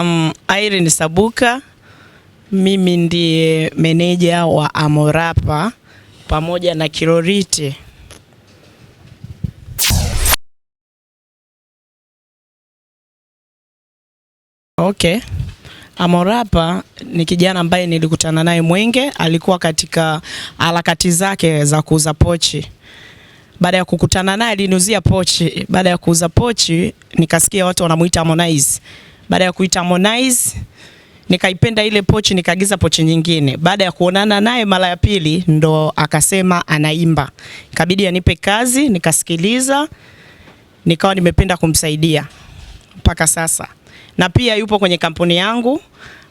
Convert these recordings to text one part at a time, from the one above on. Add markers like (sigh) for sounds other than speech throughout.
Um, Irene Sabuka mimi ndiye meneja wa Amorapa pamoja na Kirorite. Okay. Amorapa ni kijana ambaye nilikutana naye Mwenge, alikuwa katika harakati zake za kuuza pochi. Baada ya kukutana naye aliniuzia pochi. Baada ya kuuza pochi, nikasikia watu wanamuita Harmonize. Baada ya kuita Harmonize nikaipenda ile pochi, nikaagiza pochi nyingine. Baada ya kuonana naye mara ya pili, ndo akasema anaimba, ikabidi anipe kazi, nikasikiliza, nikawa nimependa kumsaidia mpaka sasa, na pia yupo kwenye kampuni yangu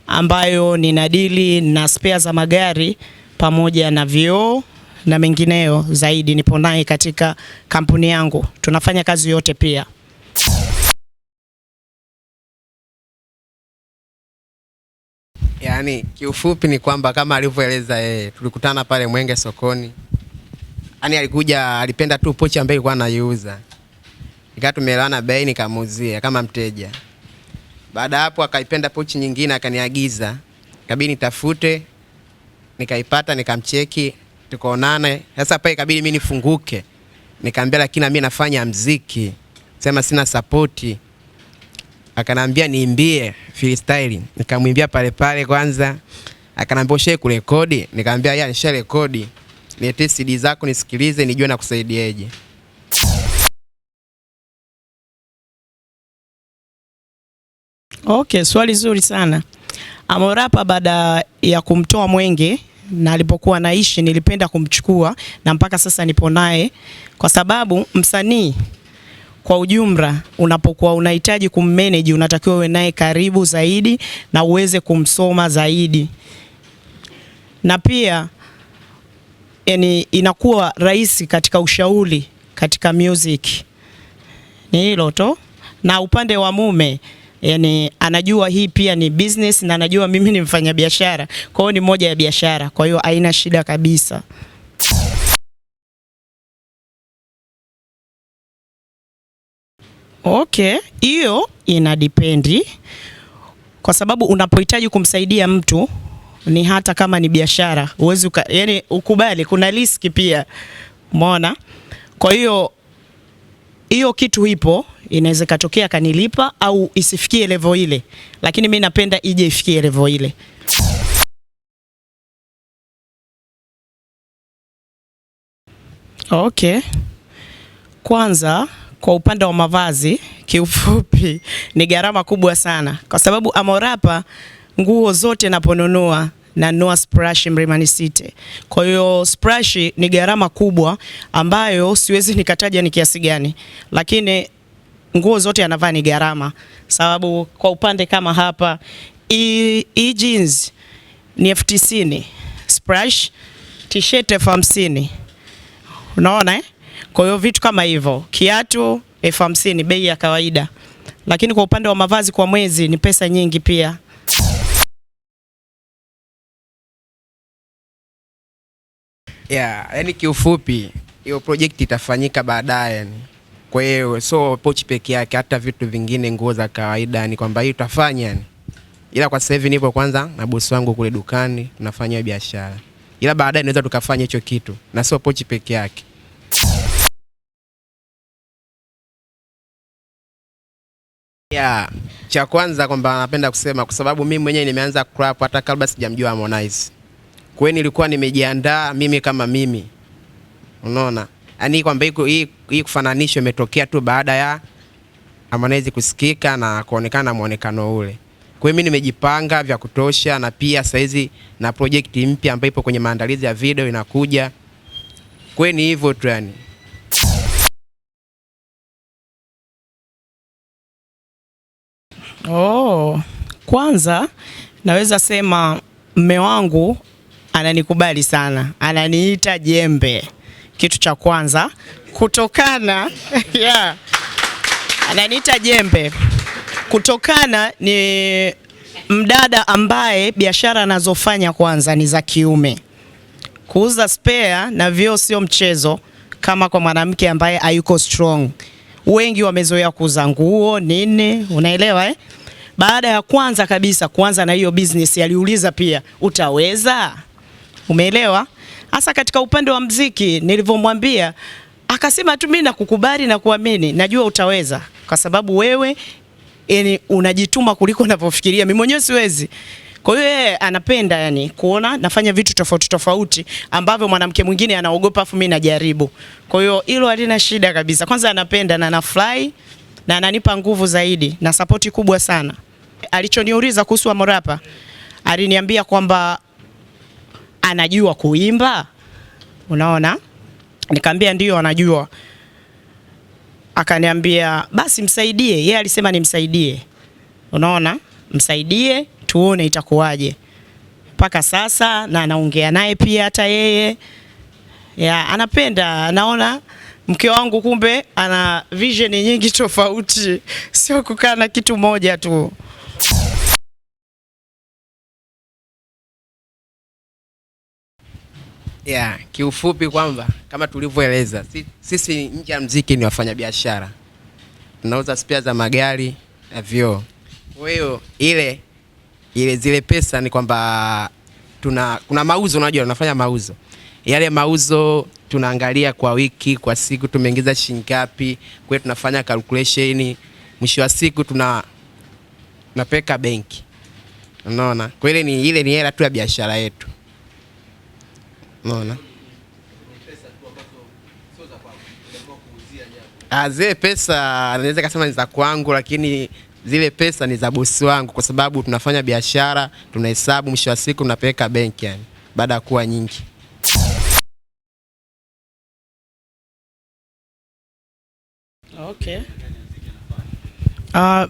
ambayo ninadili na spare za magari pamoja na vioo na mengineyo zaidi. Nipo naye katika kampuni yangu, tunafanya kazi yote pia. Yani kiufupi ni kwamba kama alivyoeleza yeye, tulikutana pale Mwenge sokoni. Yaani alikuja alipenda tu pochi ambayo ilikuwa anaiuza, ikawa tumeelewana bei, nikamuuzia kama mteja. Baada hapo akaipenda pochi nyingine, akaniagiza, ikabidi nitafute, nikaipata, nikamcheki, tukaonane Sasa pale kabidi mimi nifunguke, nikaambia, lakini mimi nafanya mziki, sema sina sapoti akanambia niimbie freestyle, nikamwimbia pale pale kwanza. Akanambia ushae kurekodi, nikamwambia ya nisha rekodi, niletee CD zako nisikilize, nijue na kusaidiaje. Okay, swali zuri sana. amorapa baada ya kumtoa Mwenge na alipokuwa naishi nilipenda kumchukua na mpaka sasa nipo naye kwa sababu msanii kwa ujumla, unapokuwa unahitaji kummanage, unatakiwa uwe naye karibu zaidi na uweze kumsoma zaidi, na pia yani inakuwa rahisi katika ushauri katika music. Ni hilo tu, na upande wa mume yani anajua hii pia ni business na anajua mimi ni mfanyabiashara, kwa hiyo ni moja ya biashara, kwa hiyo haina shida kabisa. Okay, hiyo ina dipendi kwa sababu unapohitaji kumsaidia mtu ni hata kama ni biashara uwezi yani, ukubali kuna riski pia, umeona. Kwa hiyo hiyo kitu ipo, inaweza ikatokea kanilipa au isifikie level ile, lakini mi napenda ije ifikie level ile. Okay, kwanza kwa upande wa mavazi, kiufupi ni gharama kubwa sana, kwa sababu Amorapa nguo zote naponunua na noa splash Mlimani City. Kwa hiyo splash ni gharama kubwa ambayo siwezi nikataja ni kiasi gani, lakini nguo zote anavaa ni gharama, sababu kwa upande kama hapa hii jeans ni elfu tisini splash t-shirt elfu hamsini unaona eh? Kwa hiyo vitu kama hivyo, kiatu elfu hamsini bei ya kawaida, lakini kwa upande wa mavazi kwa mwezi ni pesa nyingi pia. Yeah, yani kiufupi hiyo project itafanyika baadaye yani. Kwa hiyo so pochi peke yake, hata vitu vingine, nguo za kawaida ni kwamba hii utafanya yani. Ila kwa sasa hivi nipo kwanza na bosi wangu kule dukani tunafanya biashara, ila baadaye naweza tukafanya hicho kitu na sio pochi peke yake. Yeah. Cha kwanza kwamba napenda kusema kwa sababu mimi mwenyewe nimeanza club hata kabla sijamjua Harmonize. Kwa hiyo nilikuwa nimejiandaa mimi kama mimi. Unaona? Yaani kwamba hii hii kufananisho imetokea tu baada ya Harmonize kusikika na kuonekana muonekano ule. Kwa hiyo mimi nimejipanga vya kutosha na pia saizi na project mpya ambayo ipo kwenye maandalizi ya video inakuja. Kwa hiyo ni hivyo tu yani. Oh, kwanza naweza sema mme wangu ananikubali sana, ananiita jembe, kitu cha kwanza kutokana (laughs) yeah. Ananiita jembe kutokana ni mdada ambaye biashara anazofanya kwanza ni za kiume. Kuuza spare na vio sio mchezo, kama kwa mwanamke ambaye hayuko strong wengi wamezoea kuuza nguo nini, unaelewa eh? Baada ya kwanza kabisa kuanza na hiyo business aliuliza pia utaweza, umeelewa? Hasa katika upande wa mziki nilivyomwambia, akasema tu mimi nakukubali na kuamini, najua utaweza kwa sababu wewe yani unajituma kuliko unavyofikiria. Mimi mwenyewe siwezi kwa hiyo yeye anapenda yani kuona nafanya vitu tofauti tofauti ambavyo mwanamke mwingine anaogopa afu mimi najaribu. Kwa hiyo hilo halina shida kabisa. Kwanza anapenda na anafurahi na ananipa nguvu zaidi na sapoti kubwa sana. Alichoniuliza kuhusu Amorapa, aliniambia kwamba anajua kuimba. Unaona? Nikamwambia ndio anajua. Akaniambia basi msaidie. Yeye alisema nimsaidie. Unaona? Msaidie tuone itakuwaje mpaka sasa, na anaongea naye pia, hata yeye ya anapenda, anaona mke wangu kumbe ana vision nyingi tofauti, sio kukaa na kitu moja tu. Yeah, kiufupi kwamba kama tulivyoeleza sisi nje ya mziki ni wafanyabiashara, tunauza spea za magari na vyoo. Kwa hiyo ile ile zile pesa ni kwamba tuna kuna mauzo, unajua tunafanya mauzo, yale mauzo tunaangalia kwa wiki, kwa siku tumeingiza shilingi ngapi. Kwa tunafanya calculation, mwisho wa siku tuna napeka benki, unaona. Kwa ile ni ile ni hela tu ya biashara yetu, unaona. Ah, zile pesa naweza kusema ni za kwangu, lakini zile pesa ni za bosi wangu, kwa sababu tunafanya biashara, tunahesabu, mwisho wa siku tunapeleka benki, yani baada ya kuwa nyingi. Okay. Uh,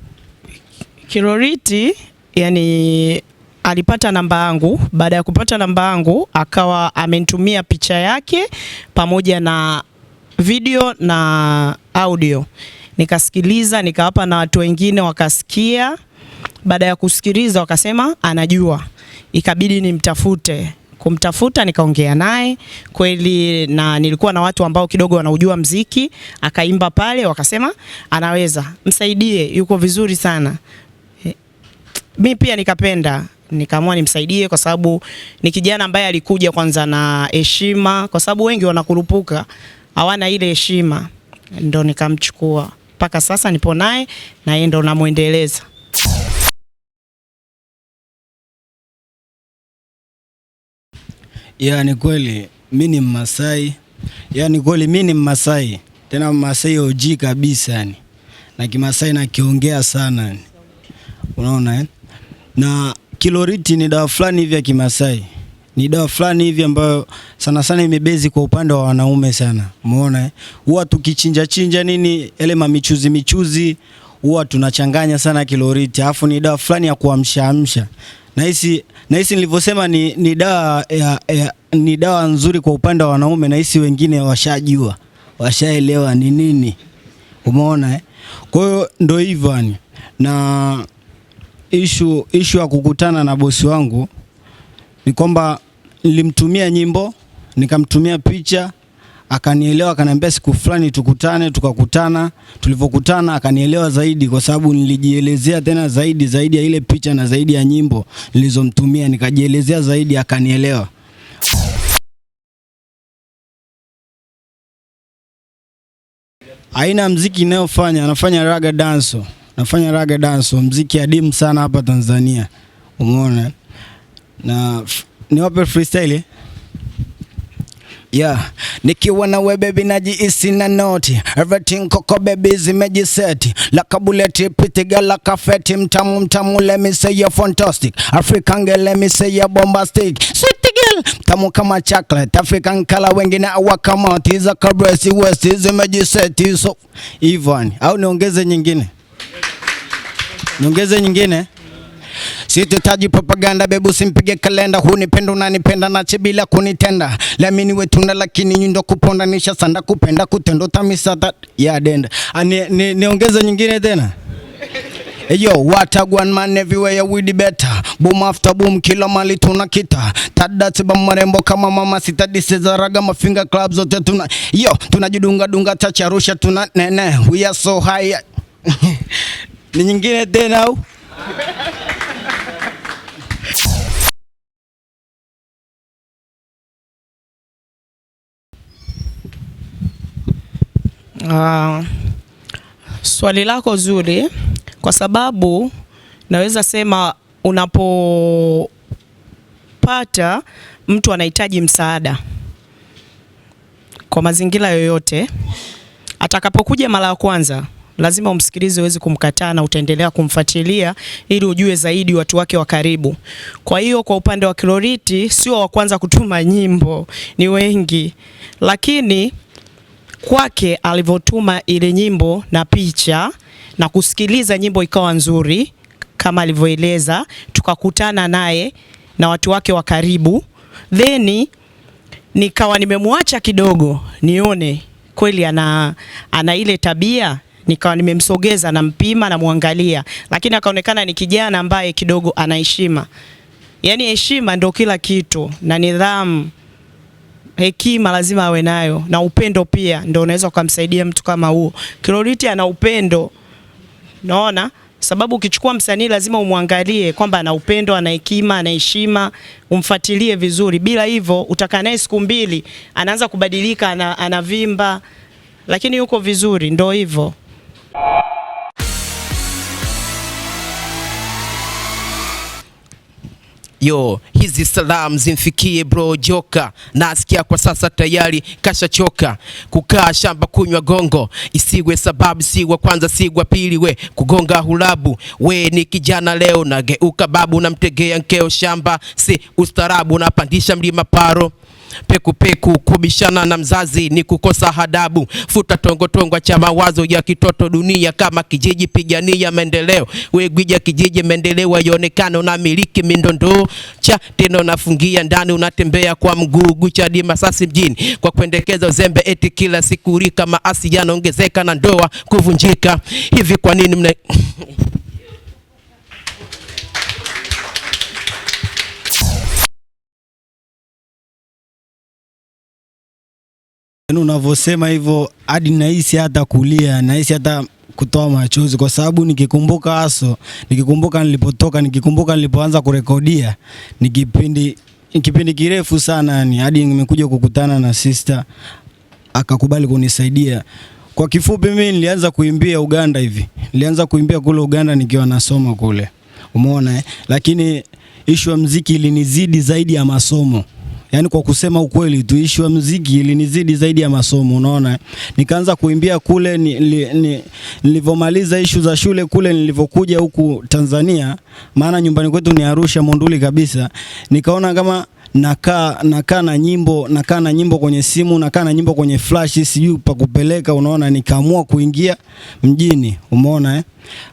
Kiroriti yani alipata namba yangu. Baada ya kupata namba yangu, akawa amenitumia picha yake pamoja na video na audio nikasikiliza, nikawapa na watu wengine wakasikia. Baada ya kusikiliza, wakasema anajua, ikabidi nimtafute kumtafuta nikaongea naye kweli, na nilikuwa na watu ambao kidogo wanaujua mziki, akaimba pale, wakasema anaweza, msaidie, yuko vizuri sana. Eh, mi pia nikapenda, nikaamua nimsaidie, kwa sababu ni kijana ambaye alikuja kwanza na heshima, kwa sababu wengi wanakurupuka hawana ile heshima, ndo nikamchukua mpaka sasa nipo naye na yeye ndo namwendeleza. Ya, ni kweli mi ni Mmasai, ya ni kweli mi ni Mmasai, tena Mmasai OG kabisa yani, na Kimasai nakiongea sana yani. Unaona eh? na kiloriti ni dawa fulani hivi ya Kimasai ni dawa fulani hivi ambayo sana sana imebezi kwa upande wa wanaume sana. Umeona eh? Huwa tukichinja chinja nini ile mamichuzi michuzi huwa tunachanganya sana kiloriti, alafu ni dawa fulani ya kuamsha kuamshaamsha. Nahisi nahisi nilivyosema ni, ni dawa ya, ya, ni dawa nzuri kwa upande wa wanaume. Nahisi wengine washajua washaelewa ni nini, umeona eh? Kwa hiyo ndio hivyo yani, na ishu ishu ya kukutana na bosi wangu ni kwamba nilimtumia nyimbo, nikamtumia picha, akanielewa, akaniambia siku fulani tukutane. Tukakutana, tulivyokutana akanielewa zaidi, kwa sababu nilijielezea tena zaidi zaidi ya ile picha na zaidi ya nyimbo nilizomtumia, nikajielezea zaidi, akanielewa. Aina ya mziki inayofanya anafanya raga danso, nafanya raga danso, mziki adimu sana hapa Tanzania, umeona na Niwape freestyle Yeah. Nikiwa na we baby najihisi na noti everything koko baby zimejiseti laka buleti pitiga laka feti mtamu mtamu let me say you're fantastic African girl let me say you're bombastic Sweet girl mtamu kama chocolate African kala wengine kama tiza kabresi west zimejiseti so Ivan au niongeze nyingine niongeze nyingine Sititaji propaganda, bebu simpige kalenda. Hunipenda unanipenda nache bila kunitenda, lamini wetunda lakini nyundo kuponda nisha sanda kupenda kutendo tamisa tamisata ya denda. ni, Niongeze nyingine tena Yo, what a one man everywhere we the better. Boom after boom kila mali tunakita. Tada tiba marembo kama mama sita diseza raga mafinga club zote tuna. Yo, tunajidunga dunga tacha Arusha tuna nene. We are so high. (laughs) Ni nyingine tena au? Uh, swali lako zuri kwa sababu naweza sema unapopata mtu anahitaji msaada kwa mazingira yoyote, atakapokuja mara ya kwanza lazima umsikilize, uweze kumkataa na utaendelea kumfuatilia ili ujue zaidi watu wake wa karibu. Kwa hiyo kwa upande wa Kiloriti sio wa kwanza kutuma nyimbo, ni wengi lakini kwake alivyotuma ile nyimbo na picha na kusikiliza nyimbo ikawa nzuri kama alivyoeleza, tukakutana naye na watu wake wa karibu, then nikawa nimemwacha kidogo nione kweli ana, ana ile tabia nikawa nimemsogeza na mpima na muangalia, lakini akaonekana ni kijana ambaye kidogo ana heshima. Yani heshima ndio kila kitu na nidhamu hekima lazima awe nayo na upendo pia, ndio unaweza ukamsaidia mtu kama huo. Kiloriti ana upendo, naona sababu ukichukua msanii lazima umwangalie kwamba ana upendo, ana hekima, ana heshima, umfuatilie vizuri. Bila hivyo utakaa naye siku mbili, anaanza kubadilika, ana, anavimba, lakini yuko vizuri, ndio hivyo. Yo, hizi salamu zimfikie bro Joka, na asikia kwa sasa tayari kasha choka kukaa shamba kunywa gongo, isiwe sababu, si wa kwanza si wa pili, we kugonga hulabu. We ni kijana leo nageuka babu, namtegea nkeo shamba, si ustarabu, napandisha mlima paro pekupeku kubishana na mzazi ni kukosa hadabu. Futa tongotongo cha mawazo ya kitoto, dunia kama kijiji, pigania maendeleo. We gwija kijiji, maendeleo yaonekana, na miliki mindondo cha tena unafungia ndani, unatembea kwa mguu. Guchadi Masasi mjini kwa kuendekeza uzembe, eti kila siku rika maasi yanaongezeka na ndoa kuvunjika. Hivi kwa nini mna unavyosema hivyo hadi nahisi hata kulia, nahisi hata kutoa machozi kwa sababu nikikumbuka aso, nikikumbuka nilipotoka, nikikumbuka nilipoanza kurekodia, ni kipindi kipindi kirefu sana yani, hadi nimekuja kukutana na sister akakubali kunisaidia. Kwa kifupi, mimi nilianza kuimbia Uganda hivi, nilianza kuimbia kule Uganda nikiwa nasoma kule, umeona eh? Lakini ishu ya mziki ilinizidi zaidi ya masomo yani kwa kusema ukweli tu, ishu ya muziki ilinizidi zaidi ya masomo, unaona. Nikaanza kuimbia kule nilivyomaliza ishu za shule kule, nilivyokuja huku Tanzania, maana nyumbani kwetu ni Arusha Monduli kabisa, nikaona kama nakaa nakaa na nyimbo nakaa na nyimbo kwenye simu nakaa na nyimbo kwenye flash, sijui pa kupeleka, unaona, nikaamua kuingia mjini, umeona eh?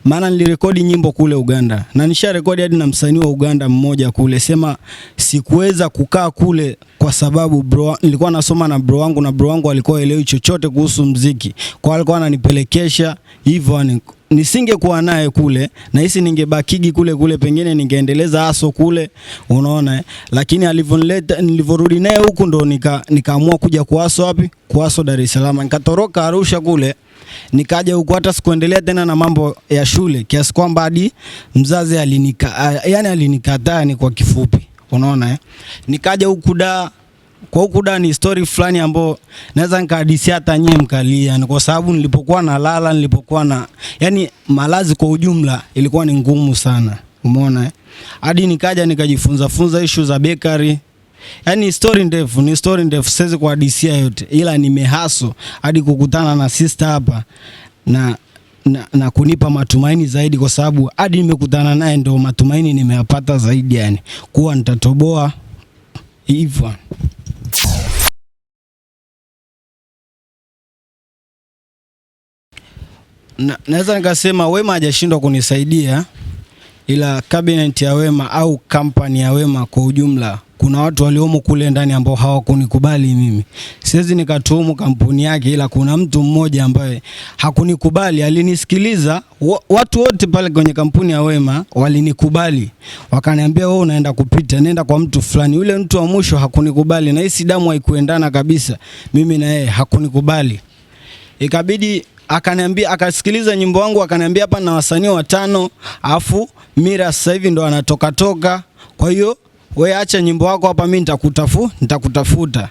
Maana nilirekodi nyimbo kule Uganda na nisha rekodi hadi na msanii wa Uganda mmoja kule, sema sikuweza kukaa kule kwa sababu bro, nilikuwa nasoma na bro wangu na bro wangu alikuwa elewi chochote kuhusu mziki, kwa alikuwa ananipelekesha hivyo nisingekuwa naye kule na hisi ningebakigi kule kule, pengine ningeendeleza aso kule, unaona. Lakini alivyonileta nilivyorudi naye huku ndo nika nikaamua kuja kuaso. Wapi kuaso? Dar es Salaam. Nikatoroka Arusha kule nikaja huku, hata sikuendelea tena na mambo ya shule, kiasi kwamba hadi mzazi alinika, yani alinikataa, ni kwa kifupi unaona eh? Nikaja huku da kwa huku da ni story fulani ambayo naweza nikahadisia hata nyie mkalia, kwa sababu nilipokuwa nalala, nilipokuwa na yani malazi kwa ujumla ilikuwa ni ngumu sana, umeona eh? Hadi nikaja nikajifunza funza issue za bakery yani story ndefu, ni story ndefu, siwezi kuhadisia yote, ila nimehaso hadi kukutana na sister hapa na na, na kunipa matumaini zaidi, kwa sababu hadi nimekutana naye ndo matumaini nimeyapata zaidi, yani kuwa nitatoboa hivyo. Na, naweza nikasema Wema hajashindwa kunisaidia, ila cabinet ya Wema au kampani ya Wema kwa ujumla kuna watu waliomo kule ndani ambao hawakunikubali mimi. Siwezi nikatuhumu kampuni yake, ila kuna mtu mmoja ambaye hakunikubali, alinisikiliza. Watu wote pale kwenye kampuni ya Wema walinikubali, wakaniambia wewe unaenda kupita, nenda kwa mtu fulani. Yule mtu wa mwisho hakunikubali, na hisi damu haikuendana kabisa, mimi na yeye hakunikubali, ikabidi akaniambia akasikiliza nyimbo wangu, akaniambia hapa na wasanii watano, afu Mira sasa hivi ndo anatoka toka, kwa hiyo we acha nyimbo wako hapa, mimi nitakutafu nitakutafuta.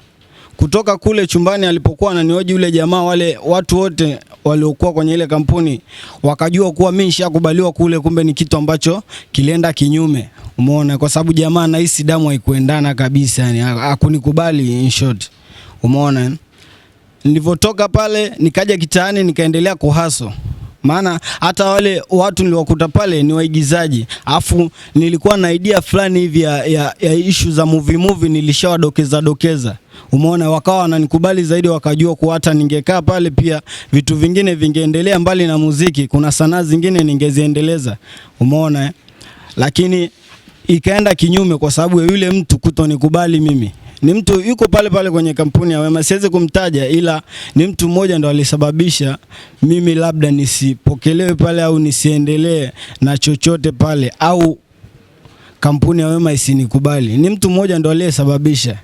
Kutoka kule chumbani alipokuwa ananioji yule jamaa, wale watu wote waliokuwa kwenye ile kampuni wakajua kuwa mimi nishakubaliwa kule, kumbe ni kitu ambacho kilienda kinyume. Umeona, kwa sababu jamaa anahisi damu haikuendana kabisa, yani hakunikubali in short. Umeona, nilivyotoka pale nikaja kitaani nikaendelea kuhaso maana hata wale watu niliwakuta pale ni waigizaji, afu nilikuwa na idea fulani hivi ya, ya, ya ishu za movie movie, nilishawadokeza dokeza, umeona, wakawa wananikubali zaidi, wakajua kuwa hata ningekaa pale pia vitu vingine vingeendelea mbali na muziki, kuna sanaa zingine ningeziendeleza, umeona eh? Lakini ikaenda kinyume kwa sababu ya yule mtu kutonikubali mimi ni mtu yuko pale pale kwenye kampuni ya Wema, siwezi kumtaja, ila ni mtu mmoja ndo alisababisha mimi labda nisipokelewe pale au nisiendelee na chochote pale au kampuni ya Wema isinikubali. Ni mtu mmoja ndo aliyesababisha.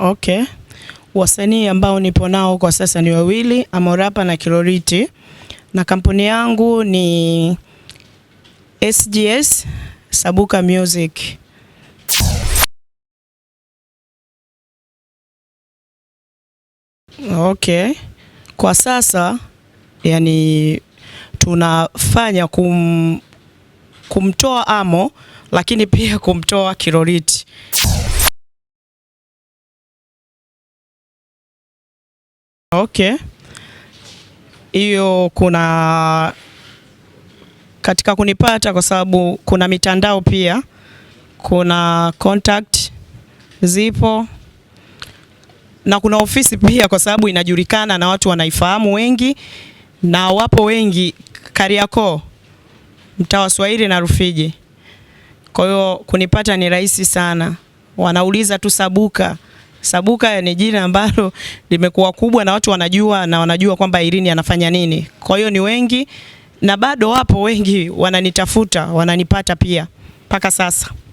Okay, wasanii ambao nipo nao kwa sasa ni wawili, amorapa na kiroriti na kampuni yangu ni SGS Sabuka Music. Okay. Kwa sasa yani tunafanya kum, kumtoa Amo lakini pia (laughs) kumtoa kiroriti Okay hiyo kuna katika kunipata, kwa sababu kuna mitandao pia, kuna contact zipo na kuna ofisi pia, kwa sababu inajulikana na watu wanaifahamu wengi, na wapo wengi Kariakoo, mtaa wa Swahili na Rufiji. Kwa hiyo kunipata ni rahisi sana, wanauliza tu Sabuka. Sabuka ni jina ambalo limekuwa kubwa na watu wanajua na wanajua kwamba Irini anafanya nini. Kwa hiyo ni wengi na bado wapo wengi wananitafuta, wananipata pia mpaka sasa.